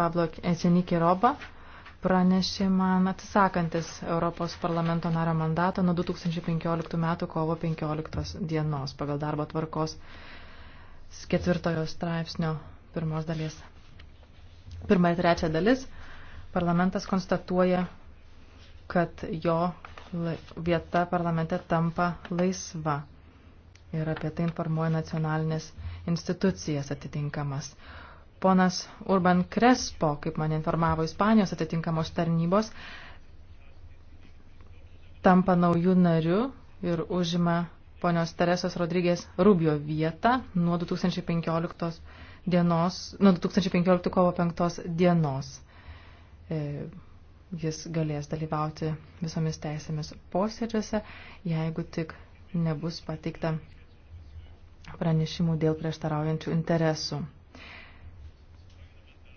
Pablo Esenikė Roba pranešė man atsisakantis Europos parlamento nario mandato nuo 2015 metų kovo 15 dienos pagal darbo tvarkos ketvirtojo straipsnio pirmos dalies. Pirma ir trečia dalis parlamentas konstatuoja, kad jo vieta parlamente tampa laisva ir apie tai informuoja nacionalinės institucijas atitinkamas. Ponas Urban Krespo, kaip man informavo Ispanijos atitinkamos tarnybos, tampa naujų narių ir užima ponios Teresos Rodrygės Rubio vietą nuo 2015 dienos, nuo 2015 kovo 5 dienos. E, jis galės dalyvauti visomis teisėmis posėdžiuose, jeigu tik nebus pateikta pranešimų dėl prieštaraujančių interesų.